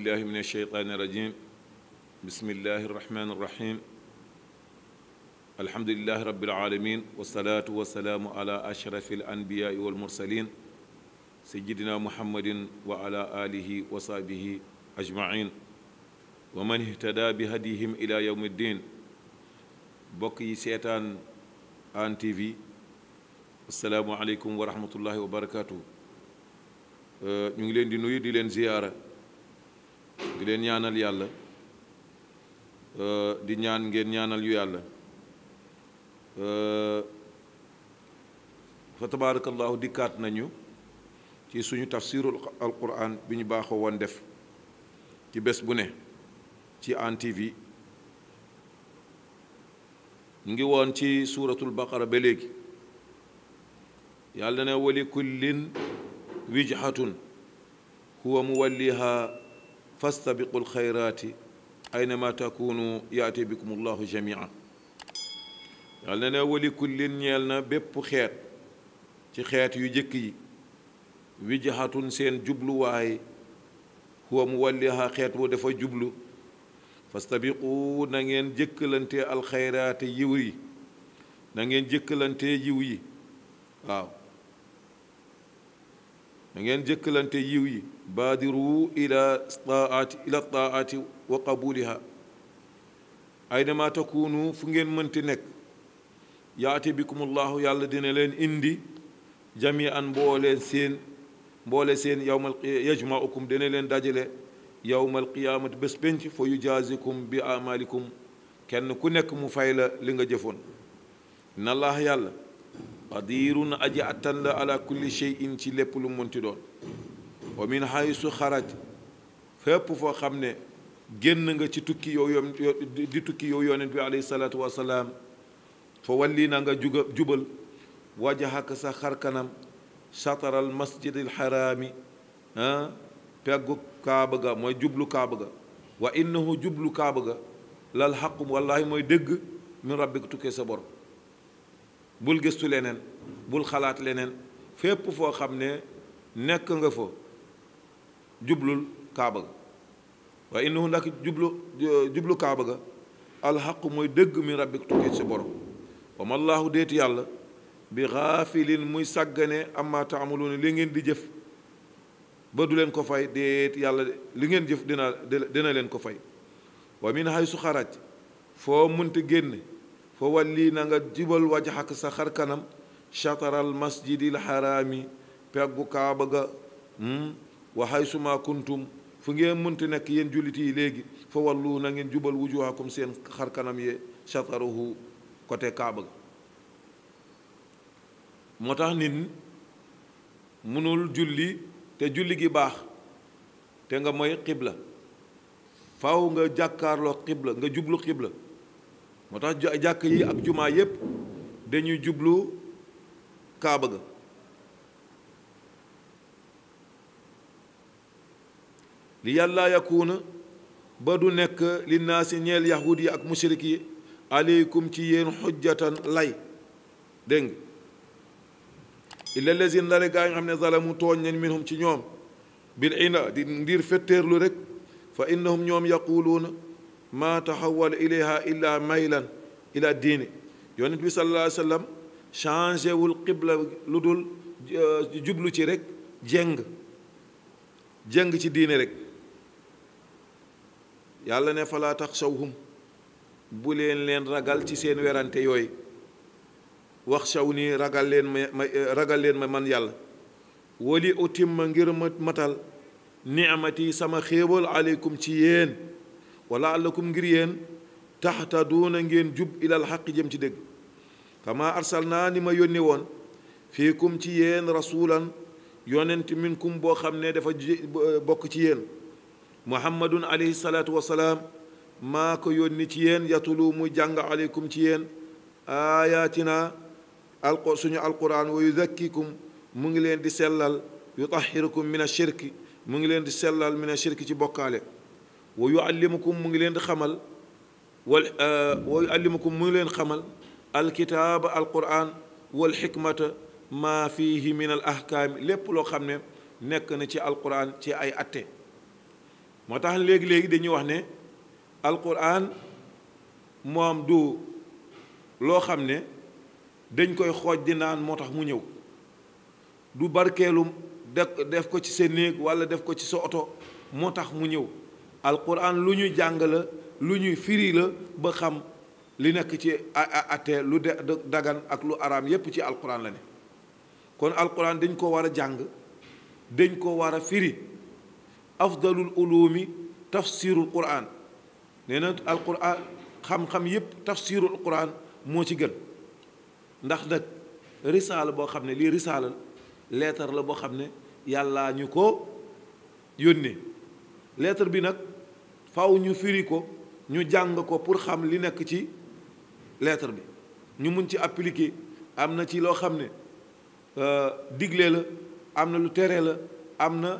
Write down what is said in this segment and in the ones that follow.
بالله من الشيطان الرجيم بسم الله الرحمن الرحيم الحمد لله رب العالمين والصلاة والسلام على أشرف الأنبياء والمرسلين سيدنا محمد وعلى آله وصحبه أجمعين ومن اهتدى بهديهم إلى يوم الدين بقي سيتان آن تي في السلام عليكم ورحمة الله وبركاته ñu ngi leen di nuyu di leen ziyaara di leen ñaanal yàlla euh, di ñaan ngeen ñaanal yu yàlla euh, fa tabarakallahu dikkaat nañu ci suñu tafsirul alquran bi ñu baaxoo woon def ci bés bu ne ci antivi mu ngi woon ci suuratul baqara ba léegi yàlla ne wali kullin wijhatun huwa muwalliha فاستبقوا الخيرات أينما تكونوا يأتي بكم الله جميعا يالنا نولي كل يالنا بيب خير تي خيات يجكي وجهة سين جبلو واي هو موليها خيات ودفا جبلو فاستبقوا نغين جكلنتي الخيرات يوي نغين جكلنتي يوي واو na ngeen jëkkalante yiw yi baadiru ila taati ila taati wa qabuliha aynama fu ngeen mënti nekk yaati bikumullahu yàlla dina leen indi jamian mbooleen seen mboole seen yowmal yajmaukum dina leen dajale yowmal qiyaamati bés pénc yu yujaasikum bi amalikum kenn ku nekk mu fay la li nga jëfoon inna yàlla qadirun aji attan la ala kulli shay'in ci lépp lu munti doon wa min haysu xaraj fépp foo xam ne génn nga ci tukki yow yoom di tukki yow yonent bi alayhi salaatu wasalaam fa walli na nga juga jubal wajahaka sa xarkanam sataral masjidil xaraami ah peggu kaaba ga mooy jublu kaaba ga wa innahu jublu kaaba ga lal xaqum wallahi mooy dëgg min rabbik tukkee sa borom bul gëstu leneen bul xalaat leneen fépp foo xam ne nekk nga fa jublul kaaba ga waaye innahu ndax jublu jublu kaaba ga alxaqu mooy dëgg mi rabbik tukkee ci borom wa ma laahu déet yàlla bi xaafilin muy sàggane amma taamaluuna li ngeen di jëf ba du leen ko fay déet yàlla li ngeen jëf dina dina leen ko fay wa min haysu xaraj foo munti génn fa walli na nga jubal wajaxak sa xar kanam masjidil Harami, peggu kaaba ga wa haysuma kuntum fu ngeen munti nekk yéen jullit yi léegi fa wallu na ngeen jubal wujuhakum seen xar kanam ye chataruhu côté kaaba ga moo tax munul julli te julli gi baax te nga moy xibla faaw nga nga jublu xibla moo tax jàkk yi ak juma yépp dañuy jublu kaaba ga li yàlla yakuuna ba du nekk li naasi ñeel yahudi ak mushriki yi aleykum ci yéen xujjatan lay dégg nga illa lesin lare gaa nga xam ne zalamu tooñ nañ minhum ci ñoom bil ina di ndir fetteerlu rek fa innahum ñoom yaquuluuna ما تحول إليها إلا ميلا إلى الدين يونت صلى الله عليه وسلم شانجي والقبلة لدول جبلو تيرك جنگ جنگ تي دين رك يالا نفلا تخشوهم بولين لين رغال تي سين ويرانتي يوي وخشوني رغال لين رغال لين من يالا ولي أتم من غير متال نعمتي سما عليكم تيين wala allakum ngir yéen taxtaduuna ngeen jub ilal xaq jëm ci dëgg kama arsalnaa ni ma yónni woon fiikum ci yéen rasulan yonent minkum boo xam ne dafa bokk ci yéen muhammadun alayhi salaatu wasalaam maa ko yónni ci yéen yatulu muy jàng aleykum ci yéen ayatina alqo suñu alquran wa yuzakkikum mu ngi leen di sellal yutahhirukum min ashirki mu ngi leen di sellal min ashirki ci bokkaale ويعلمكم من لين خمل آه، ويعلمكم من لين خمل الكتاب القرآن والحكمة ما فيه من الأحكام لب لو خمل نك نتي القرآن تي أي أتى ما تهن ليك ليك دنيا وحنا القرآن موام دو لو خمل دنيا كوي خود دينان موتاخ مونيو دو باركيلوم def def ko ci sen neeg wala def ko alquran lu ñuy jàng la lu ñuy firi la ba xam li nekk ci ate lu de dagan ak lu araam yépp ci alquran la ne kon alquran dañ ko war a jàng dañ ko war a firi afdalul ulumi tafsirul quran nee na alquran xam-xam yépp tafsirul quran moo ci gën ndax nag risaala boo xam ne lii risaala leetar la boo xam ne yàllaa ñu ko yónnee lettre bi nag faw ñu firi ko ñu jàng ko pour xam li nekk ci lettre bi ñu mun ci appliquer am na ci loo xam ne euh, digle la am na lu tere la am na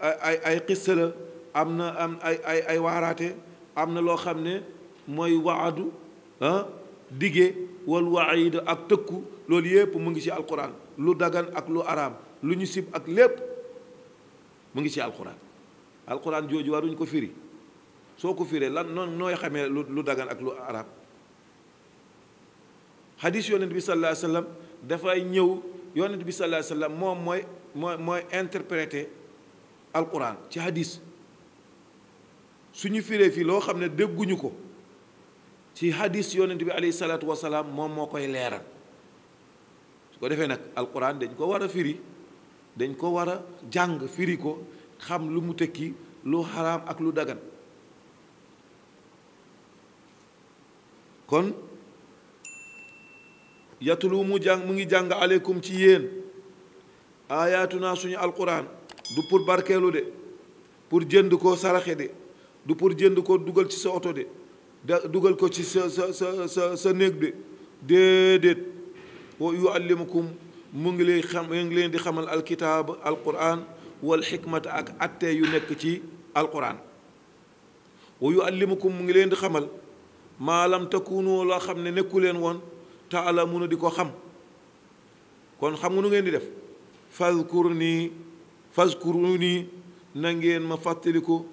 ay ay xissa la am na am ay ay waaraate am na loo xam ne mooy waadu ah dige wal waid ak tëkku loolu yépp mu ngi ci alquran lu dagan ak lu araam lu ñu sib ak lépp mu ngi ci alquran alquran jooju waruñ ko firi soo ko firee lan noon nooy xamee lu dagan ak lu arab xadis yonent bi sallallahu alayhi dafay ñëw yonent bi sallallahu moom mooy mooy mooy interpréter alquran ci xadis suñu firee fii loo xam ne dégguñu ko ci xadis yonent bi alayhi salaatu wasalaam moom moo koy leeral su ko defee nag alquran dañ ko war a firi dañ ko war a jàng firi ko xam lu mu tekki lu xaraam ak lu dagan kon yatulu mu jàng mu ngi jàng aleykum ci yéen aayaatuna suñu alquran du pour barkeelu de pour jënd ko saraxe de du pour jënd ko dugal ci sa oto de dugal ko ci sa sa sa sa néeg de déedéet wa yuallimukum mu ngi lay xam mu ngi leen di xamal alkitaab alquran wal xikmata ak attee yu nekk ci alquran wa yu mu ngi leen di xamal maalam takunu loo xam ne nekku leen woon taalamuna di ko xam kon xam nga nu ngeen di def fazkur nii fazkuru nii na ngeen ma fàttaliku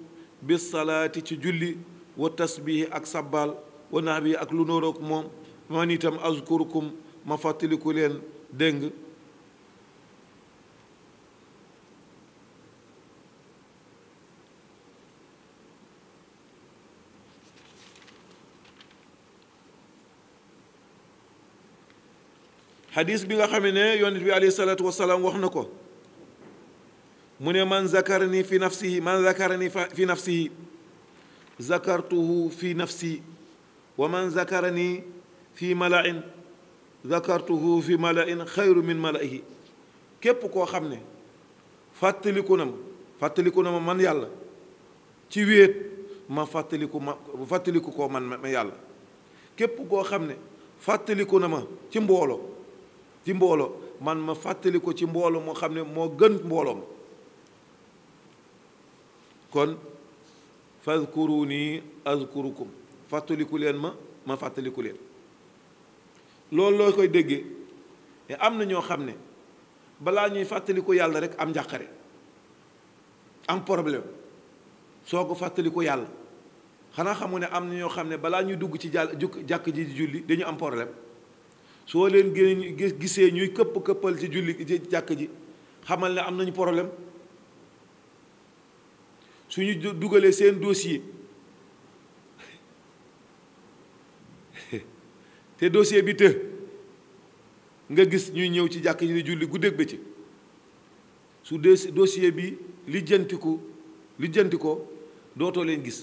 bi salaati ci julli wa tasbihi ak sabbaal wa nax bi ak lu nóorook moom man itam azkurukum ma fàttaliku leen dëng حديث بيغا خامني يونس بي عليه الصلاه والسلام واخنا كو من من ذكرني في نفسه من ذكرني في نفسه ذكرته في نفسي ومن ذكرني في ملأ ذكرته في ملأ خير من ملئه كيب كو خامني فاتلكونا فاتلكونا من يالا تي ويت ما فاتلكو ما فاتلكو كو من يالا كيب كو خامني فاتلكونا تي مبولو ci mbooloo man ma fàttali ko ci mbooloo moo xam ne moo gën mbooloom kon fadkuruni azkurukum fàttaliku leen ma ma fàttaliku leen loolu loo koy déggee te am na ñoo xam ne balaa ñuy fàttaliku yàlla rek am njàqare am problème soo ko fàttaliku yàlla xanaa xamu ne am na ñoo xam ne balaa ñuy dugg ci jàll jukk jàkk ji julli dañu am problème soo leen gis gisee ñuy këpp këppal ci julli jàkk ji xamal ne am nañu problème suñu dugalee seen dossier te dossier bi të nga gis ñuy ñëw ci jàkk ji di julli guddeeg bëccëg su dossier bi lijjantiku lijjanti ko dootoo leen gis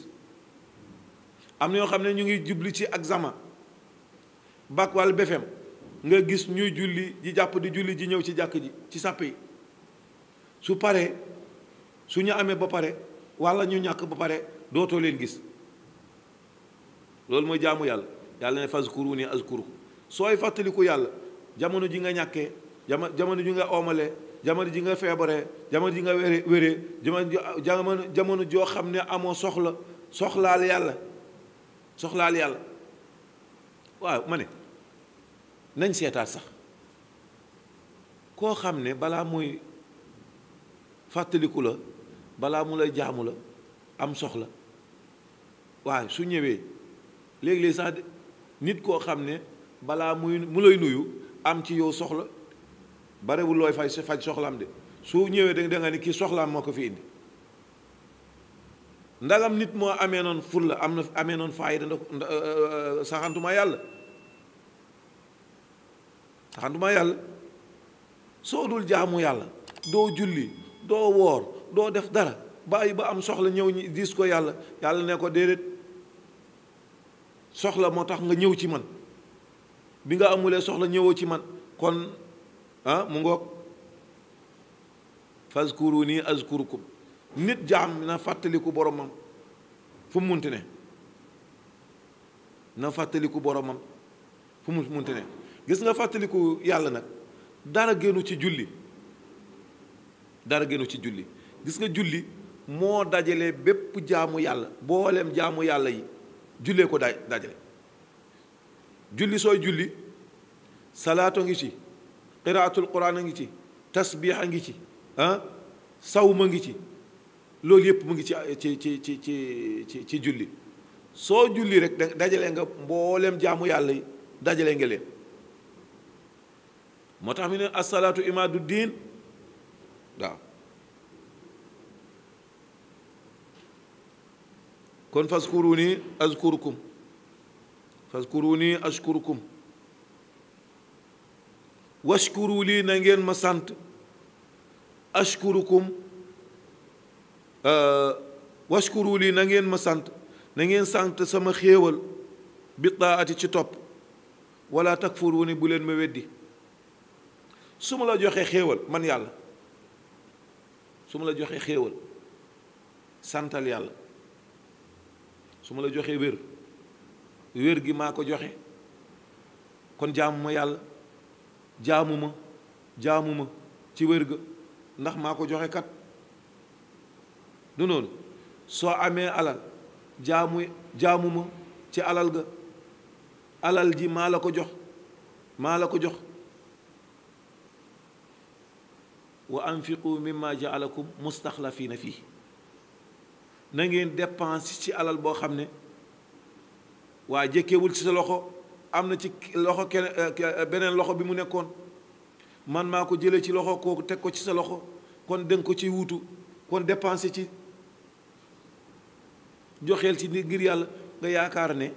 am na ñoo xam ne ñu ngi jubli ci examen bac walla BFEM nga gis ñuy julli ji jàpp di julli ji ñëw ci jàkk ji ci sàpp yi su paree su ñu amee ba pare walla ñu ñàkk ba pare dootoo leen gis loolu mooy jaamu yàlla yàlla ne fazkuruni azkurkum sooy fàttaliku yàlla jamono ji nga ñàkkee jama jamono ji nga oomalee jamono ji nga feebaree jamono ji nga wéree wéree jamono jamono joo xam ne amoo soxla soxlaal yàlla soxlaal yàlla waaw ma ne nañ seetaat sax koo xam ne balaa muy fàttaliku la balaa mu lay jaamu la am soxla waaye su ñëwee léeg-léeg sax nit koo xam ne balaa muy mu lay nuyu am ci yow soxla barewul looy fay faj soxlaam de su ñëwee da nga ne kii soxlaam moo ko fi indi ndagam nit moo amee noon fur la am na amee noonu faayida euh, euh, saxantuma yàlla taxantuma yàlla soo dul jaamu yàlla doo julli doo woor doo def dara bàyyi ba am soxla ñëw ñi diis ko yàlla yàlla ne ko déedéet soxla moo tax nga ñëw ci man bi nga amulee soxla ñëwoo ci man kon ah mu ngoog fazkuru nii azkurukum nit jaam na fàttaliku boromam fu mu munti ne na fàttaliku boromam fu mu munti ne gis nga fàttaliku yàlla nag dara génnu ci julli dara génnu ci julli gis nga julli moo dajale bépp jaamu yàlla booleem jaamu yàlla yi jullee ko daj dajale julli sooy julli salaato ngi ci qiraatul quraan a ngi ci tasbiix a ngi ci ah saw ma ngi ci loolu yépp mu ngi ci ci ci ci ci ci julli soo julli rek dajale nga mbooleem jaamu yàlla yi dajale nga leen motax tax mu ne asalaatu imaadu diin waaw kon fazkuruni azkurukum fazkuruni ashkurukum washkuru li na ngeen ma sant ashkurukum euh washkuru li na ngeen ma sant na ngeen sant sama xewal bi taati ci top wala takfuruni bu leen ma weddi su ma la joxee xéewal man yàlla su ma la joxee xéewal santal yàlla su ma la joxee wér wér gi maa ko joxe kon jaamu ma yàlla jaamu ma jaamu ci wér ga ndax maa ko joxe kat nu noonu soo amee alal jaamu jaamu ci alal ga alal ji maa la ko jox maa la ko jox وانفقوا مما جعلكم مستخلفين فيه نغين ديبانس سي علال بو خامني وا جيكيول سي لوخو امنا سي لوخو كين بنين لوخو بيمو نيكون مان ماكو جيلي سي لوخو كوكو تيكو سي لوخو كون دنكو سي ووتو كون ديبانس سي جوخيل سي نغير يالا غا ياكار ني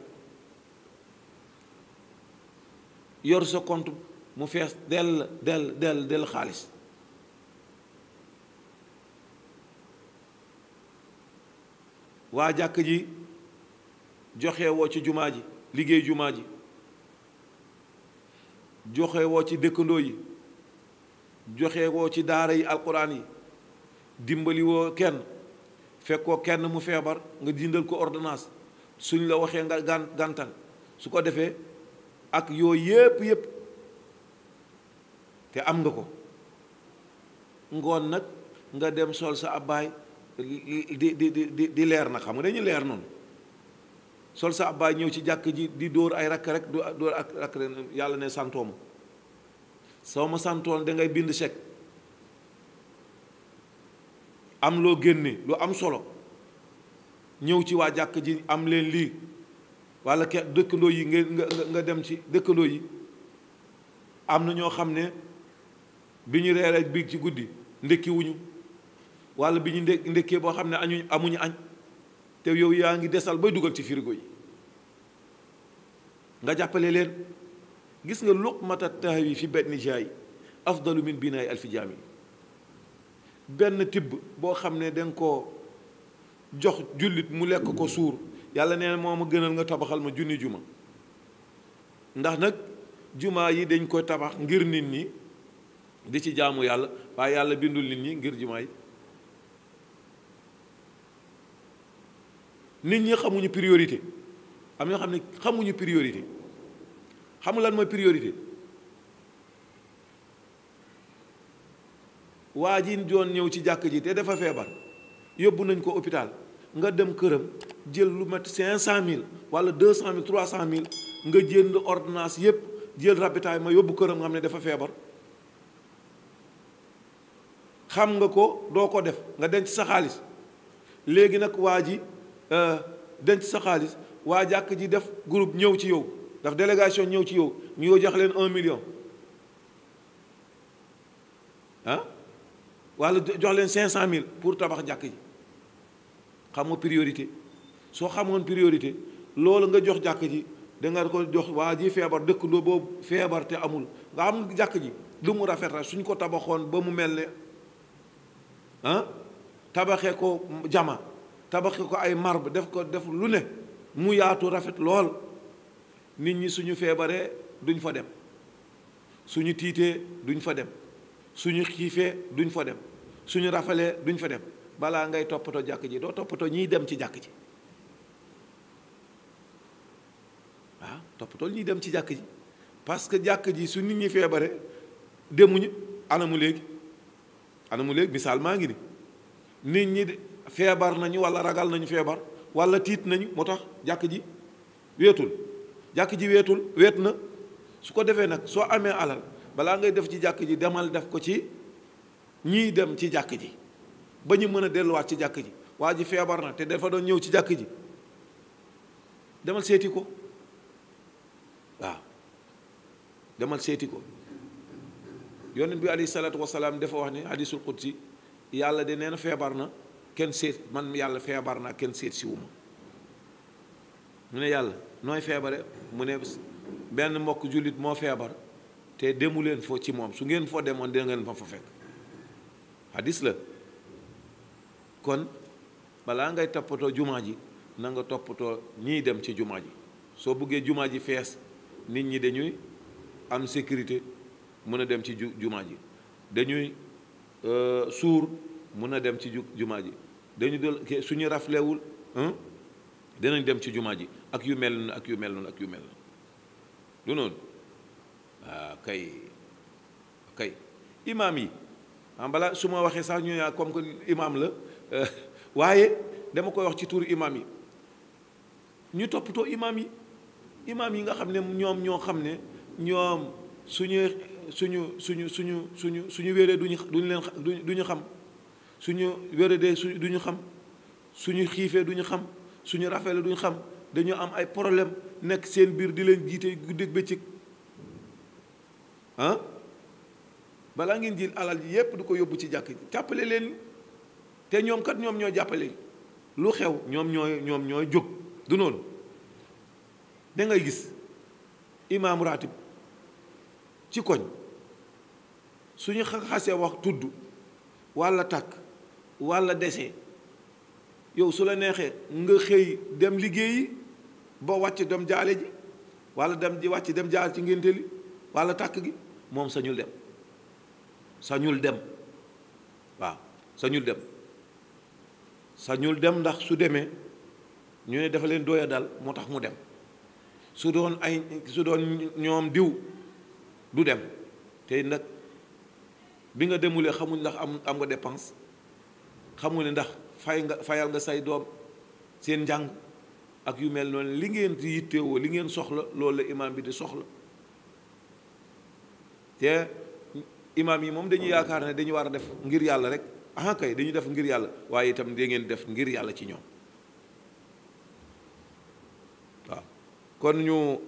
يور سو كونت مو فيس دل دل دل دل خالص waa jàkk ji joxewoo ci jumaa ji liggéey jumaa ji joxewoo ci dëkkandoo yi joxe woo ci daara yi alquran yi dimbali woo kenn fekkoo kenn mu feebar nga dindal ko ordonnance suñ la waxee nga gan gàntal su ko defee ak yooyu yépp yépp te am nga ko ngoon nag nga dem sol sa abbaay di di di di leer na xam nga dañuy leer noonu sol sa abbaay ñëw ci jàkk ji di dóor ay rakk rek du dóor ak rakk rek yàlla ne santooma soo ma santoon dangay bind chèque am loo génne lu am solo ñëw ci waa jàkk ji am leen lii walla ke dëkkandoo yi nga nga dem ci dëkkandoo yi am na ñoo xam ne bi ñu reer ak biig ci guddi ndékki wala bi ñu ndekkee boo xam ne añu amuñu añ te yow yaa ngi desal bay dugal ci frigo yi nga jàppale leen gis nga luqmata tahwi fi benn jaay afdalu min binaay alfi jaami benn tibb boo xam ne danga ko jox jullit mu lekk ko suur yàlla nee moom moo ma gënal nga tabaxal ma junni juma ndax nag juma yi dañ koy tabax ngir nit ñi di ci jaamu yàlla waaye yàlla bindul nit ñi ngir juma yi nit ñi xamuñu priorité am ñoo xam ne xamuñu priorité xamu lan mooy priorité waa ji doon ñëw ci jàkk ji te defa feebar yóbbu nañ ko hôpital nga dem këram jël lu mat cinq cent mille wala deux cent mille trois cent mille nga jënd ordonnance yépp jël rabitaay ma yóbbu këram nga xam ne dafa feebar xam nga ko doo ko def nga denc sa xaalis léegi nag waa ji Euh, denc sa xaalis waa jàkk ji def groupe ñëw ci yow daf délégation ñëw ci yow ñu yow jox leen un million walla wala jox leen cinq cent mille pour tabax jàkk ji xamoo priorité soo xamoon priorité loolu nga jox jàkk ji da ko jox waa ji feebar dëkkandoo boobu feebar te amul nga am jàkk ji lu mu rafet rek suñ ko tabaxoon ba mu mel ne ah tabaxee ko jama tabaxi ko ay marbre def ko def lu ne mu yaatu rafet lool nit ñi suñu feebaree duñ fa dem suñu tiitee duñ fa dem suñu xiifee duñ fa dem suñu rafalee duñ fa dem balaa ngay toppatoo jàkk ji doo toppatoo ñiy dem ci jàkk ji ah toppatoo ñiy dem ci jàkk ji parce que jàkk ji su nit ñi feebare demuñu anamu léegi anamu léegi misaal maa ngi ni nit ñi feebar nañu wala ragal nañu feebar wala tiit nañu moo tax jàkk ji weetul jàkk ji weetul weet na su ko defee nag soo amee alal balaa ngay def ci jàkk ji demal def ko ci ñuy dem ci jàkk ji ba ñu mën a delluwaat ci jàkk ji waa ji feebar na te dafa doon ñëw ci jàkk ji demal seeti ko waaw demal seeti ko yonent bi alayhi salaatu wasalaam dafa wax ne hadisul si yàlla de nee na feebar na kenn seet man yàlla feebar naa kenn seet si wu mu ne yàlla nooy feebare mu ne benn mbokk jullit moo feebar te demu leen foo ci moom su ngeen foo demoon dina ngeen ma fa fekk hadis la kon balaa ngay toppatoo jumaa ji nanga toppatoo ñiy dem ci jumaa ji soo bëggee jumaa ji fees nit ñi dañuy am sécurité mën a dem ci jumaa ji dañuy euh, suur mën a dem ci jumaa ji dañu del suñu raflewul hein? dinañ dem ci jumaaji ak yu mel ak yu mel ak yu mel du ah, kay kay imam yi am ah, bala nous sax ñu ah, comme que imam la euh, waaye dama koy wax ci tour imam yi ñu yi yi nga ñom ñoo suñu suñu suñu suñu suñu suñu wéré duñu duñu duñu xam suñu wéradee su duñu xam suñu xiifee duñu xam suñu rafeele duñu xam dañoo am ay problème nekk seen biir di leen jiite guddeeg bëccëg ah balaa ngeen jël alal ji yépp du ko yóbbu ci jàkk jàppale leen te ñoom kat ñoom ñoo jàppale lu xew ñoom ñooy ñoom ñooy jóg du noonu da gis imaam ratib ci koñ suñu xasee wax tudd walla tàkk walla dese yow su la neexee nga xëy dem liggéeyi ba wàcc dem jaale ji walla dem di wàcc dem jaal ci ngénte li walla tàkk gi moom sañul dem sañul dem waaw sañul dem sañul dem ndax su demee ñu ne dafa leen dooya dal moo tax mu dem su doon ay su doon ñoom diw du dem te nag bi nga demulee xamuñ ndax am am nga dépense xamu ne ndax fay nga fayal nga say doom seen njàng ak yu mel noonu li ngeen di yittewoo li ngeen soxla loolu la imaam bi di soxla te imaam yi moom dañu yaakaar ne dañu war a def ngir yàlla rek ah kay dañu def ngir yàlla waaye itam da ngeen def ngir yàlla ci ñoom waaw kon ñu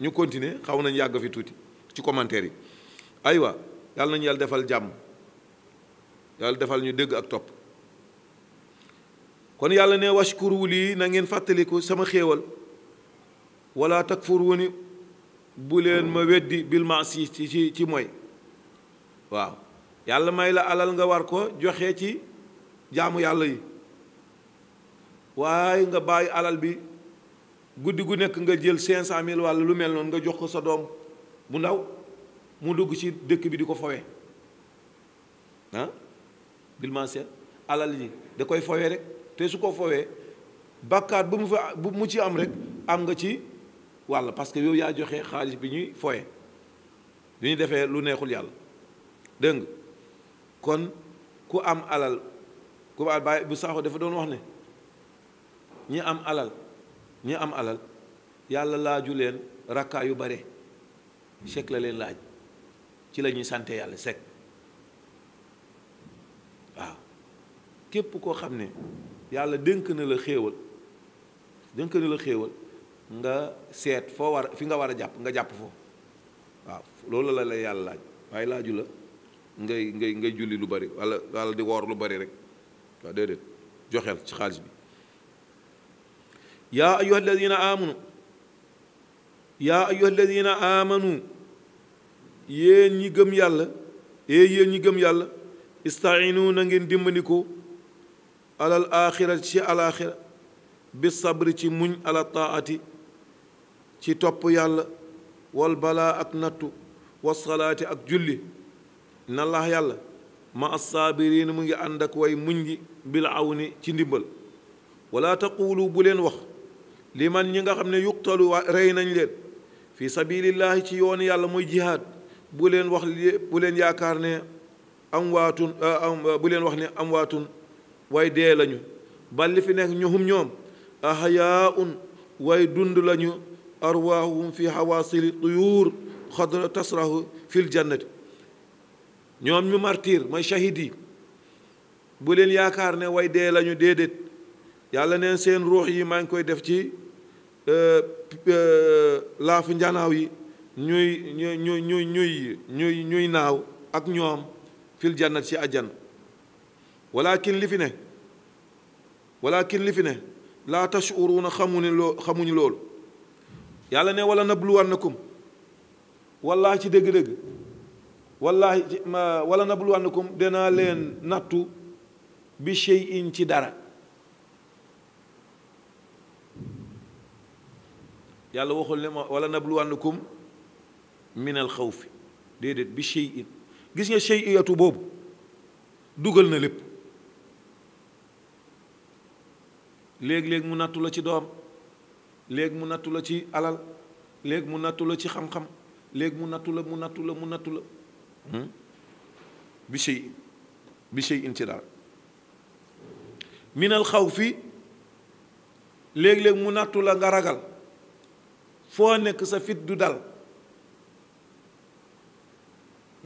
ñu continuer xaw nañ yàgg fi tuuti ci commentaire yi aywa yàlla nañu yàlla defal jàmm yàlla defal ñu dégg ak topp kon yàlla ne washkuru lii nangeen ngeen fàttaliku sama xéewal wala takfuruni bu leen ma weddi bil maasi ci ci ci mooy waaw yàlla may la alal nga war ko joxe ci jaamu yàlla yi waaye nga bàyyi alal bi guddi gu nekk nga jël cinq cent mille walla lu mel noonu nga jox ko sa doom bu ndaw mu dugg ci dëkk bi di ko fowe bilmancien alal yi da koy fowee rek te su ko fowee bàkkaar bu mu fa bu mu ci am rek am nga ci wàll parce que yow yaa joxe xaalis bi ñuy foye li ñu defee lu neexul yàlla dégg kon ku am alal ku ba bàyyi bu saaxo dafa doon wax ne ñi am alal ñi am alal yàlla laaju leen rakkaa yu bare chèque la leen laaj ci la ñuy sante yàlla sec كيف كو خامني يالا دنك نلا na دنك نلا dénk nga set fo war fi nga wara jàpp nga jàpp fo wa lolou la la yàlla laaj way laaju la ngay ngay ngay julli lu bari wala wala di wor lu bari rek wa dedet joxel ci xaalis bi ya ayuha alladhina amanu ya ayuha alladhina amanu yéen ñi gëm yàlla e yéen ñi gëm yàlla istaeenu na ngeen dimbandikoo alal aaxira ci alaaxira bi sabri ci muñ ala taati ci topp yàlla wal balaa ak nattu wasalaati ak julli na laax yàlla ma assaabiriin mu ngi ànd ak way muñ gi bil awni ci ndimbal wala taqulu bu leen wax li man ñi nga xam ne yuqtalu rey nañ leen fi sabilillahi ci yoon yàlla mooy jihaad bu leen wax bu leen yaakaar ne amwaatun bu leen wax ne amwaatun way dee lañu bal li fi nekk ñuhum ñoom ahyaun way dund lañu arwaahum fi xawaasili tuyuur xadra tasrahu fil jannati ñoom ñu martir mooy shahid bu leen yaakaar ne way dee lañu déedéet yàlla neen seen ruux yi maa ngi koy def ci euh, euh, laafu njanaaw yi ñuy ñuy ñuy ñuy ñuy naaw ak ñoom fil jannat ci àjjana walakin li fi ne walakin li fi ne laa tashuruuna xamuñu loo xamuñu loolu yàlla ne wala nabluwannakum wallaahi ci dëgg-dëgg wallaahi ci wala nabluwannakum danaa leen nattu bi shay'in ci dara yàlla waxul ne ma wala nabluwannakum min al xawfi déedéet bi shay'in gis nga shay'iyatu boobu dugal na lépp léeg-léeg mu nattu ci doom léeg mu nattu ci alal léeg mu nattu ci xam-xam léeg mu nattu la mu nattu la mu hmm? bi shay bi shay minal xaw fii léeg-léeg mu nattu la nga ragal foo nekk sa fit du dal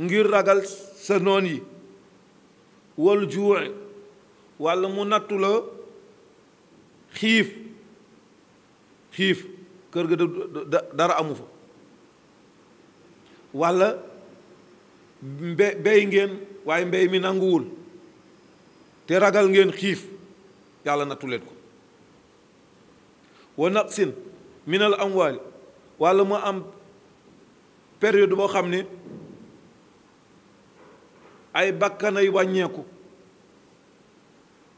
ngir ragal sa noon yi wal juuxe walla mu nattu xiif xiif kër ga dara amu fa walla mbe mbey ngeen waaye mbey mi nanguwul te ragal ngeen xiif yàlla nattu ko wa sin minal am amwaali walla mu am période boo xam ne ay bakkanay wàññeeku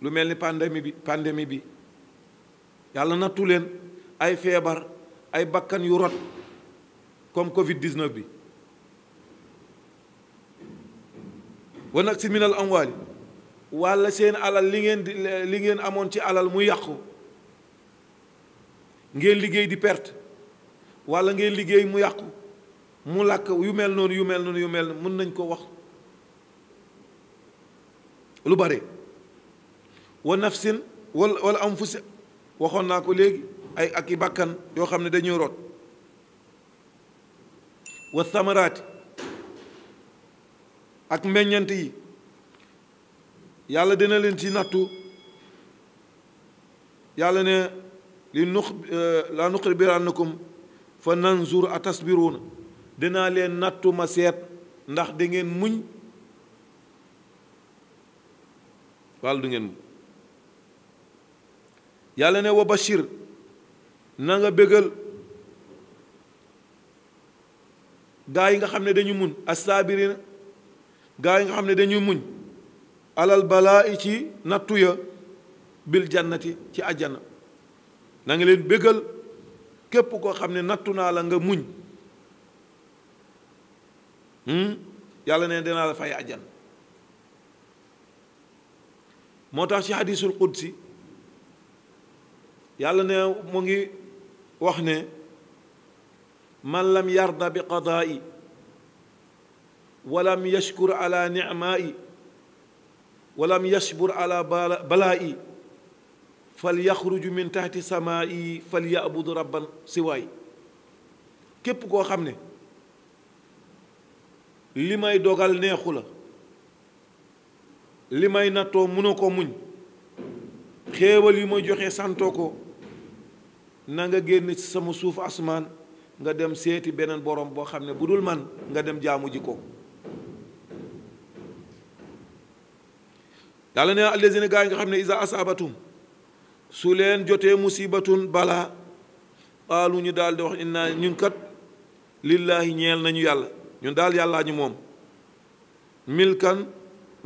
lu mel ni pandémie bi pandémie bi yàlla nattu leen ay feebar ay bakkan yu rot comme Covid 19 bi. wa nag si minal amwaali walla seen alal li ngeen di li ngeen amoon ci alal mu yàqu ngeen liggéey di perte walla ngeen liggéey mu yàqu mu làkk yu mel noonu yu mel noonu yu mel mën nañ ko wax lu bare wa nafsin wal wala am fu si waxoon naa ko léegi ay ak i bàkkan yoo xam ne dañuy root wa ak meññant yi yàlla dina leen ci nattu yàlla ne li nuq euh, la nuxbirannakum fa nanzur a tasbiruuna dinaa leen nattu ma seet ndax dingeen muñ walla du ngeen muñ yàlla ne wa nanga na nga gaa yi nga xam ne dañu muñ na gaa yi nga xam ne dañu muñ alal balaa i ci nattu ya bil jannati ci àjjana na nga leen bégal képp koo xam ne nattu naa la nga muñ hmm? yàlla ne dinaa la fay moo tax ci xadiisul qudsi يالا ن موغي وخني من لم يرضى بقضائي ولم يشكر على نعمائي ولم يصبر على بلائي فليخرج من تحت سمائي فليعبد ربا سواي كيب كو خامني لماي دوغال نيخولا لماي ناتو مونوكو مون خيوال يما جوخي سانتوكو na nga génn ci sama suuf asmaan nga dem seeti beneen boroom boo xam ne bu dul man nga dem jaamu ji ko yàlla nee allazina gaa yi nga xam ne isa asaabatum su leen jotee musibatun balaa qaalu ñu daldi di wax inna ñun kat lillaahi ñeel nañu yàlla ñun daal yàllaa ñu moom milkan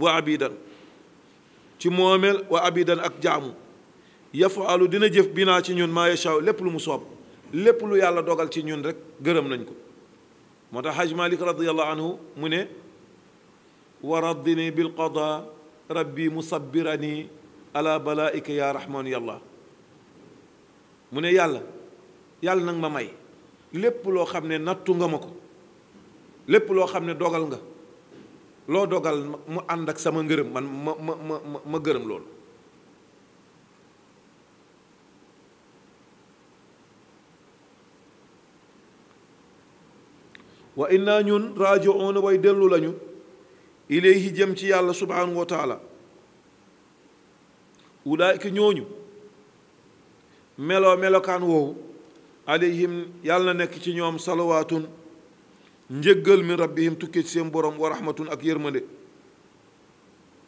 wa abidan ci moomeel wa abidan ak jaamu yafaalu dina jëf binaa ci ñun maa yashaa lépp lu mu soob lépp lu yàlla dogal ci ñun rek gërëm nañ ko moo tax xaj malik radiallahu anhu mu ne wa raddini bilqada rabbi musabbirani ala balaika ya rahmanu yàlla mu ne yàlla yàlla nag ma may lépp loo xam ne nattu nga ma ko lépp loo xam ne dogal nga loo dogal mu ànd ak sama ngërëm man ma ma ma ma gërëm loolu wa inna ñun raajiuuna way dellu lañu ilayhi jëm ci yàlla subhanahu wa taala ulaayka ñooñu meloo melokaan woowu alayhim yàlla na nekk ci ñoom salawaatun njëggal min rabbihim tukkee ci seen borom wa rahmatun ak yërmande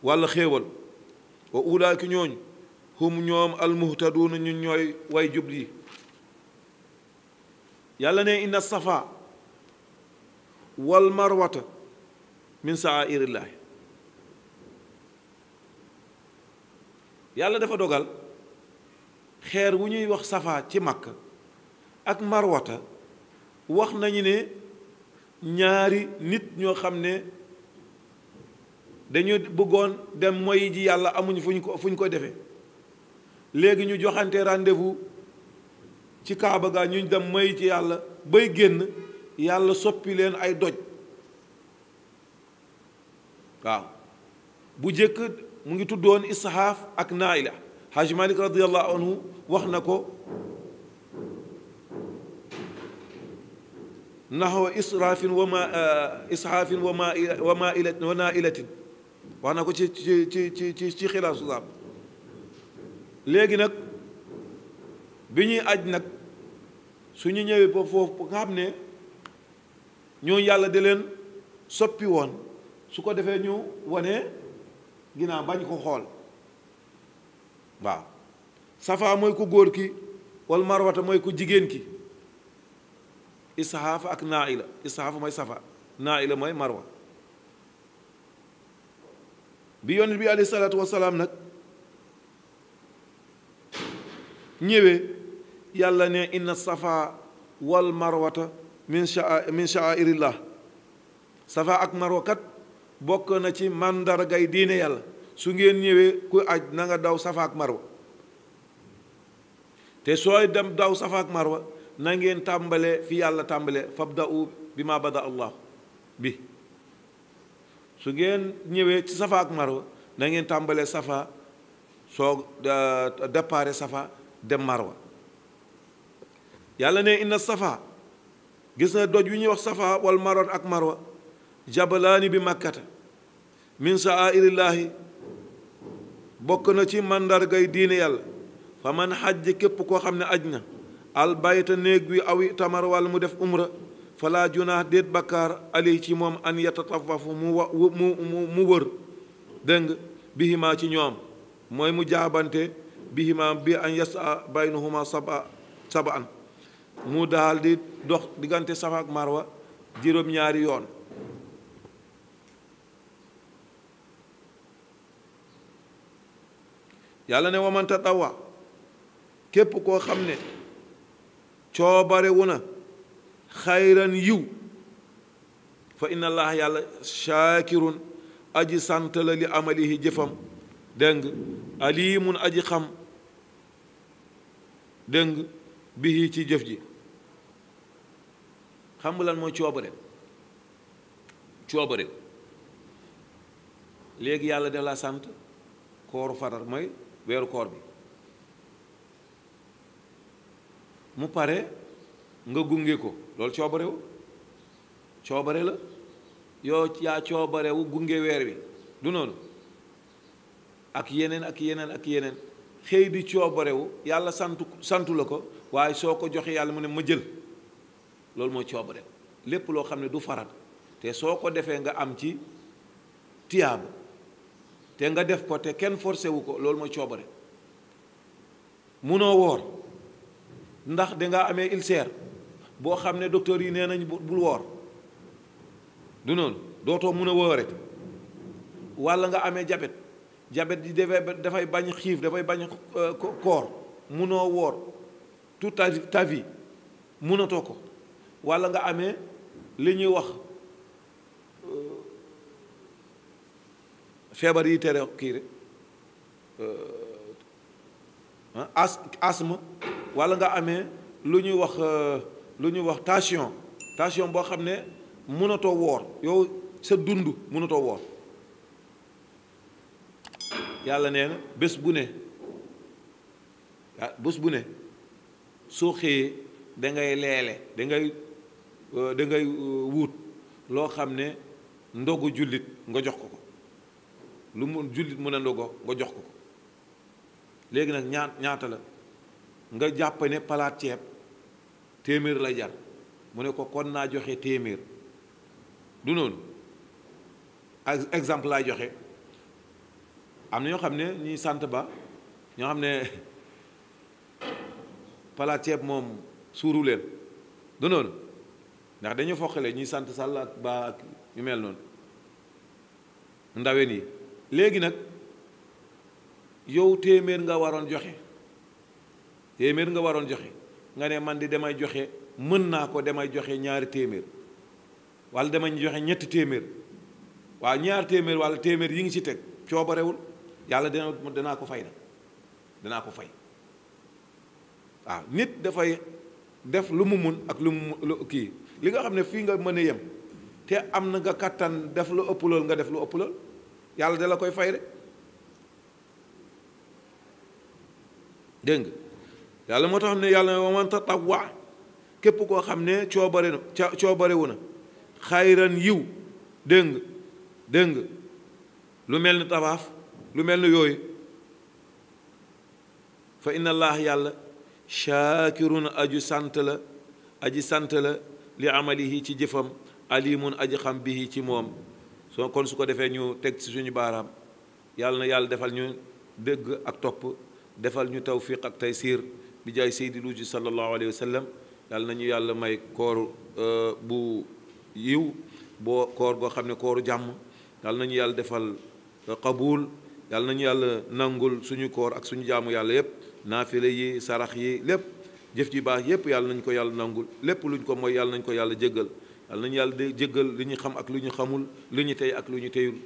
walla xéewal wa ulaayka ñooñu hum ñoom almuhtaduuna ñun ñooy way jubli yi yàlla ne inna safa wal marwata min saairillaahi yàlla dafa dogal xeer wu ñuy wax safaa ci màkk ak marwata wax nañu ne ñaari nit ñoo xam ne dañu bëggoon dem moy ji yàlla amuñ fu ñu ko fu ñu ko defee léegi ñu joxante rendez ci kaaba ga ñu dem moy ji yàlla bay génn yàlla soppi leen ay doj waaw bu jëkk mu ngi tuddoon ishaaf ak naila xaaji malik radiallahu anhu wax na ko naxwa israafin wa ma eh, ishaafin wa ma wa ma wa wax na ko ci ci ci ci ci ci xilaasu léegi nag bi ñuy aj nag su ñu ñëwee ba foofu nga xam ne ñooñu yàlla de leen soppi woon su ko defee ñu wane ginnaaw bañ koo xool waaw safaa mooy ku góor ki wal marwata mooy ku jigéen ki isxaaf ak la isxaaf mooy safa la mooy marwa bi yonent bi alayhi salaatu wasalaam nag ñëwee yàlla ne inna safa wal marwata min shaa min shaairillah ak marwa kat bokk na ci màndargay diine yàlla su ngeen ñëwee ku aj na daw safa ak marwa te sooy dem daw safa ak marwa na ngeen tàmbalee fi yàlla tàmbalee fabda'u bi ma bada bi su ngeen ñëwee ci safa ak marwa na tàmbalee safa soo euh, départ safa dem marwa yàlla ne inna safa gis na doj wi ñuy wax safa wal marwa ak marwa jabalaani bi màkkata min saairillaahi bokk na ci màndargay diine yàlla fa man xajj képp koo xam ne aj na albayta néeg bi awi tamar mu def umra fala junaax déet bakkaar ali ci moom an yatatafafu mu wa mu mu mu wër dëng bihimaa ci ñoom mooy mu jaabante bihimaa bi an yasa baynahuma saba saba an mu daldi dox diggante Safa Marwa juróom-ñaari yoon yàlla ne waman tatawwa képp koo xam ne coobarewu na xayran yiw fa inna yàlla shaakirun aji sant la li amalihi jëfam dëng alimun aji xam dëng bihi ci jëf ji xam nga lan mooy coobare coobare léegi yàlla def la sant kooru fadar mooy weeru koor bi mu pare nga gunge ko loolu coobarewu coobare la yoo yaa coobarewu gunge weer wi du noonu ak yeneen ak yeneen ak yeneen xëy di coobarewu yàlla sant santu la ko waaye soo ko joxee yàlla mu ne ma jël loolu mooy coobare lépp loo xam ne du farat te soo ko defee nga am ci tiyaaba te nga def ko te kenn forcé wu ko loolu mooy coobare munoo woor ndax dangaa amee ulcère boo xam ne docteur yi nee nañ bul woor du noonu dootoo mun a woore walla nga amee jabet jabet ji dafay bañ xiif dafay bañ euh, koor munoo woor tout ta vie munatoo ko walla nga amee li ñuy wax euh, feebar yi tere kii rek euh, ah, as asthme walla nga amee lu ñuy wax euh, lu ñuy wax tension tension boo xam ne mënatoo woor yow sa dund mënatoo woor yàlla nee na bés bu ne ah, bés bu ne soo xëyee da leele da Euh, dangay euh, wut loo xam ne ndogu jullit nga jox ko ko lu mu jullit mën a ndogo nga jox ko ko léegi nag ñaat ñaata la nga jàpp ne palaat ceeb téeméer la jar mu ne ko kon naa joxe téeméer du noonu ak exemple laay joxe am na ñoo xam ne ñuy sant ba ñoo xam ne palaat ceeb moom suuru leen du noonu ndax dañu foqale ñuy sant sàll ak ba ak mel noonu ndawen yi léegi nag yow téeméer nga waroon joxe téeméer nga waroon joxe nga ne man di damay joxe mën naa ko damay joxe ñaari téeméer wala damay joxe ñetti téeméer waaw ñaari téeméer wala téeméer yi ngi ci teg coobarewul yàlla dina danaa ko fay na danaa ko fay waaw nit dafay def lu mu mun ak lu mu kii li nga xam ne fii nga mën a yem te am na nga kàttan def lu ëpp lool nga def lu ëpp lool yàlla da la koy fay rek dégg nga yàlla moo tax ne yàlla wa man tatawwa képp koo xam ne coobare na coobarewu na xayran yiw dégg nga dégg nga lu mel ni tawaaf lu mel ni yooyu fa inna allah yàlla shaakirun aju sant la aju sant la لعمله تي جفم عليم اجي خم به تي موم سو كون سوكو ديفه نيو تك سي سوني بارام يالنا يال ديفال نيو دغ اك توپ نيو توفيق اك تيسير بي جاي صلى الله عليه وسلم يالنا نيو يال ماي كور بو يو بو كور غو خامني كور جام يالنا نيو يال ديفال قبول يالنا نيو يال نانغول سوني كور اك سوني جامو يال ييب نافله يي سارخ يي ييب jëf ji baax yépp yàlla nañ ko yàlla nangul lépp luñ ko mooy yàlla nañ ko yàlla jéggal yàlla nañ yàlla de jéggal lu ñu xam ak lu ñu xamul lu ñu tey ak lu ñu teyul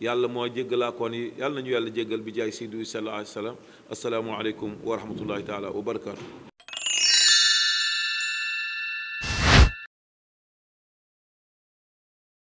yàlla moo jéggalaakoon yi yàlla nañu yàlla jéggal bi jaay seydu bi sallallahu alayhi wa sallam asalaamu aleykum wa rahmatullahi taala wa barakaatu